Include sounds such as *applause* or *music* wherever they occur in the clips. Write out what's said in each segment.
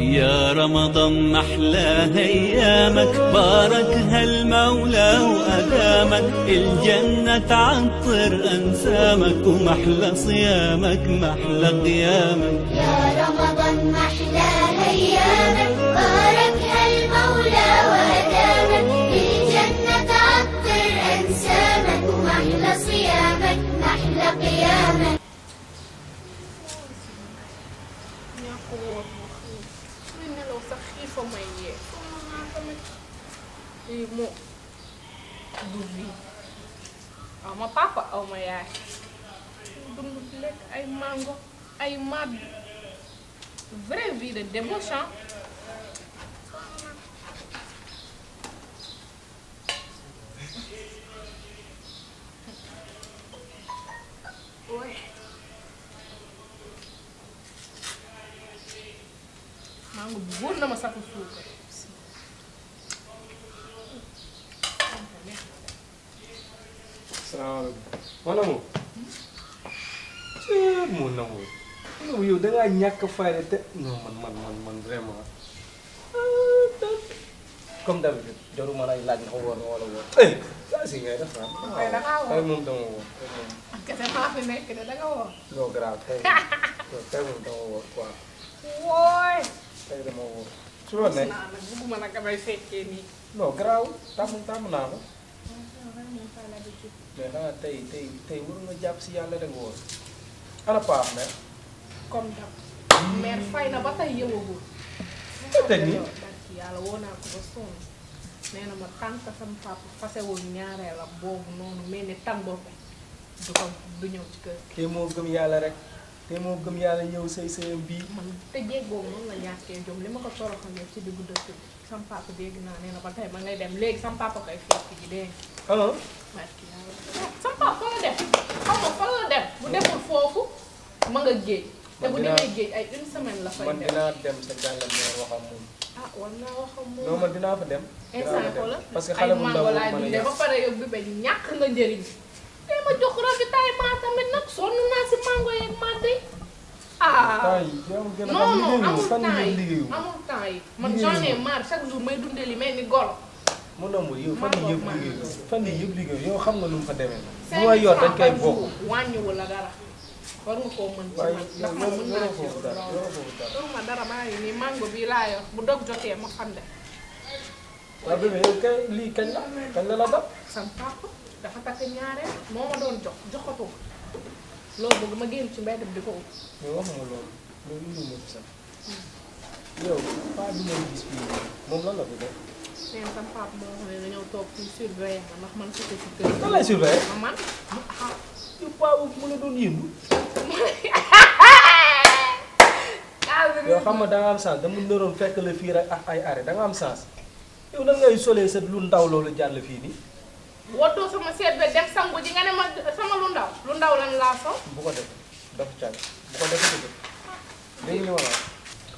يا رمضان محلى ايامك بارك هالمولى وادامك الجنه تعطر انسامك ومحلى صيامك محلى قيامك يا رمضان محلى ايامك lii moom du vie aw ma papa aw ma yaay dund lekk ay mango ay màdd vraie vie de débauche mango bu wóor na ma sakku suukar mon amour eh, mon amour non yow dangaa ñàkk fayda te non man man man man vraiment eh, comme d'habitude jaruma lay laaj ndax woor na wala woor saa eh, si ngay def tey ah. moom dama woor kese maa fi nekk de danga woor non grave tey *laughs* tey moom dama woor quoi wooy tey dama woor su la nekk bugguma nag damay fekkee nii non grave tàmm tàmm naa ko pas l'habitude. mais xanaa tey tey tey waroon na jàpp si yàlla rek woon ana paa mère. comme dab. mère fay na ba tey yëngagul. teg nii yàlla woo naa ko na ma tànk sama papa fasewul ñaareelam boobu ni tàmboobe du ko ñëw ci kër gi. tey moo gëm yàlla rek. te moo gëm yàlla ñëw say sayam bii. man te jéeg boobu noonu la ñàkkee jom li ma ko toroxal ci diggu dëkk bi. sam papa dégg naa nee na ba tey ma ngay dem léegi sam koy fekk ji dégg ah. sama paa fa la dem xam dem bu deful foofu ma nga géej. te bu demee géej ay une semaine la fay dem man dinaa dem sa gàllankoor wax ak moom. ah war naa wax moom non man dinaa fa dem. dinaa fa parce que xale bu ndaw laa dundee ba pare yóbbu ba ñàkk nga njëriñ. te ma jox ravitaillement tamit nag sonn naa si mango yeeg màdde. ah non non amul temps yi amul temps yi man j'en ai marre chaque jour may dundee li ni golo. mu nomb yow fan yii yëpp liggéey fan yow xam na nu mu fa demee. bu ma yor dañ koy bokk wàññiwul la dara. war nga koo mën ci dara maa ngi nii mango bi laa yor bu dog jotee ma xam ne. lii kañ la kañ la la dab. sam dafa takk ñaareel moo ma doon jox joxatu ko loolu bëgg ma génn ci mbedd di ko ut. moom lan la ko def. nee na sama papa moo xam ne dañoo toog pour surveiller ma ndax man sotee si kër gi. kan lay surveiller ma man. Ah, *laughs* xam nga da am chance dama nëroon fekk la fii rek ak ay arrêt da am chance yow nan solee sa lu ndaw loolu jàll fii nii. woddoo sama seet ba dem sangu ji nga ne sama lu ndaw lu ndaw lan laa sol. bu ko def dafa caag bu ko def dëgg dégg nga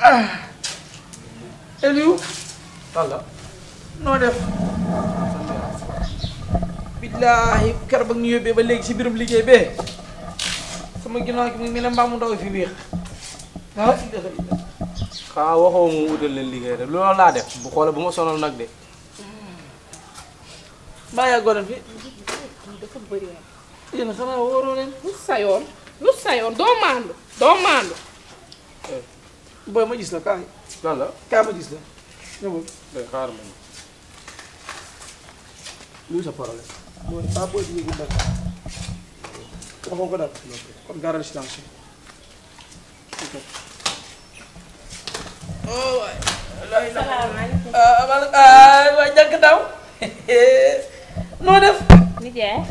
Ah. Eliou. noo def. billaahi keroog ba ñu yóbbee ba léegi ci biirum liggéey bee sama ginnaaw gi mu ngi ne mbaamu ndaw fi wéex ah xaa waxoo mu utal leen liggéey rek loolu laa def bu xoolee bu ma sonal nag de. Hmm. mbaa yàggoo leen fi. lu sayoon lu sayoon doo maandu doo maandu. Eh. booy ma gis la kaay. lan la kaay ma gis la ñëwul. day xaar ma ñu. luy sa problème. mooy booy bi yëgul nag. waxoo ko kon gaaral si tension. ok. oh waay. salaamaaleykum. ah noo def. nijaay.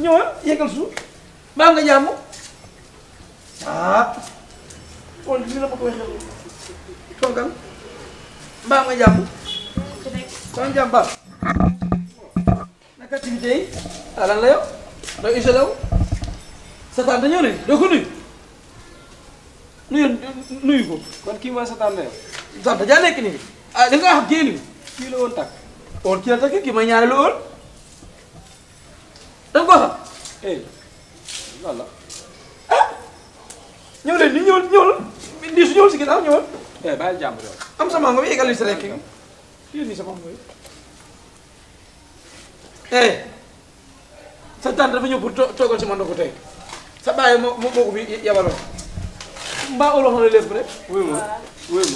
ñëwal yëgal suuf. maa nga jàmm. ah. kon li la ma ko waxee woon toogal mbaa nga jàmm. sama jàmm baax. naka activité yi. ah lan la yow. doo isolé wu. sataan dañoo ne doo ko nuyu. nuyu nuyu ko. kon kii mooy sataan la yow. sataan dajaa nekk nii. ah li nga xam génn bi. kii la woon takk. woon kii la takk kii mooy ñaareelu woon. da nga ko xam. eh voilà. ah ni ñëw ñëw ndi su ñëwul si ginnaaw ah, ñëwal. eh bàyyi jàmbur yow. am sa mango bi yeggali si rek. kii nii sa mango yi. eh sa tante dafa ñëw pour toogal si man ko tey sa bàyyi moo moo ko bi yabaloon mbaa olof na la lépp rek. wuyu ma wuyu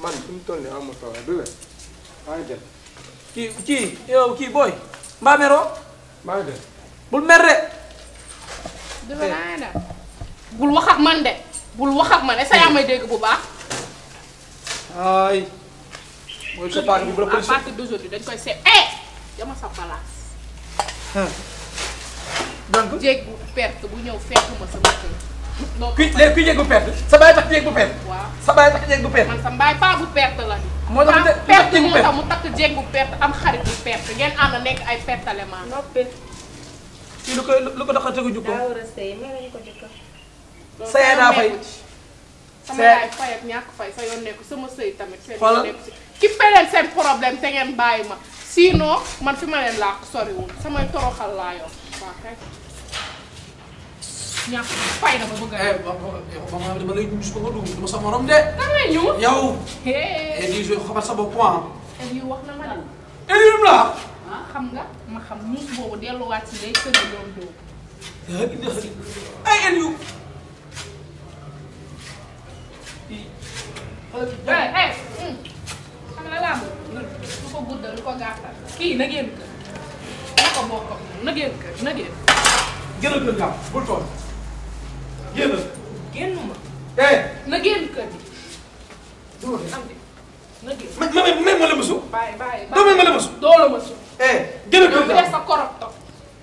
ma man fi mu toll am ma tawaay du weer maa ngi dem. kii kii yow kii booy mbaa meroo. maa ngi bul mer de. dama wax ak man de. bul wax ak man est-ce que dégg bu baax. ay mooy sa paak bi bu dañ koy seet eh jama sa place. donc jéeg bu perte bu ñëw fekkuma sama kër. donc kuy léegi kuy yéeg bu perte sa bu perte. sa baay tax yéeg bu perte. man sa mbaay paa bu perte la. moo moo tax mu takk jéeg bu perte am xarit bu perte ngeen ànd nekk ay pertale maa. Seyda Faye. sama yaay fay ak ñàkk fay sa yoon nekku sama sëy tamit. xoolal ki peleen seen problème te ngeen bàyyi ma sinon man fi ma leen làq soriwul samay toroxal laa yor waaw kay. a. Eh, ba sa morom eh, bopp point. Ah. Eliou wax na ma de. Eliou la. Ah, xam nga ma xam ñuus boobu delluwaat si lay kër yoon boobu. ay Eliou. eh xam nga làmb lu ko guddal lu ko gàttal kii na génn kër na ko bokk na génn kër na génn. génn kër gaaw bul toog génn. génnuma. Eh. na génn kër gi. am na génn. ma ma ma ma la mësu. bàyyi bàyyi doo ma ma la mësu. doo la mësu. Eh, génn kër gaaw sa korop toog.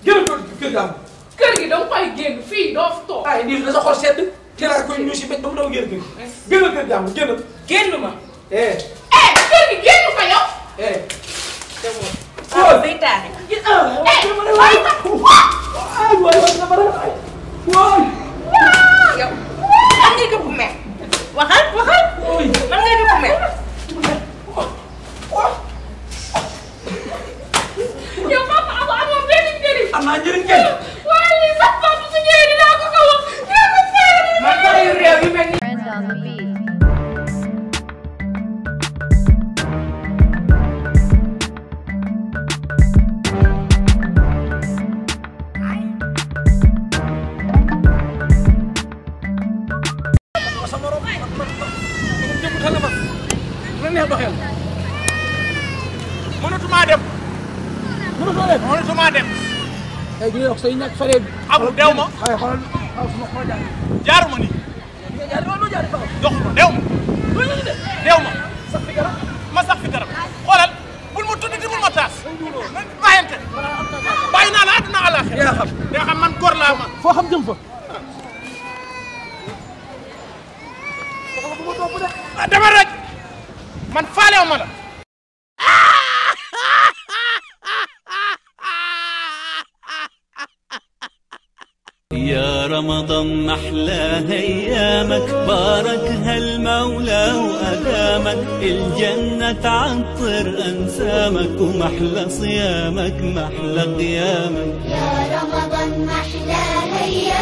génn kër kër gaaw. kër gi da nga koy génn fii doo fi toog. ay nii da sa xol sedd. teel a koy ñu si mbéj ba mu daw génn kër. Eh. génn kër gaaw génn. génn ma. eh. eh kër gi génn fa yow. eh. demoo. waaw day taal. yow. man ngay dëpp mer. waxal waxal. man ngay dëpp mer. yow papa amoo amoo benn njëriñ. am naa njëriñ kay. jëmbutal na ma bu la neex doxeel mënatuma dem mënatuma dem mënatuma dem tey ñu wax say ñàkk faree bi abu dew ma ay xool sama xool jaar jaaruma ni jaar loolu jaar fa dox ko dew ma loolu ñu def dew ma sax fi garab ma sax fi garab xoolal bul ma tudd di bul ma taas bàyyante bàyyi naa la àdduna àllaaxira yaa xam yaa xam man góor laa ma foo xam jëm fa man faalew ma la يا رمضان أحلى أيامك باركها المولى وأدامك الجنة تعطر أنسامك ومحلى صيامك محلى قيامك يا رمضان أحلى أيامك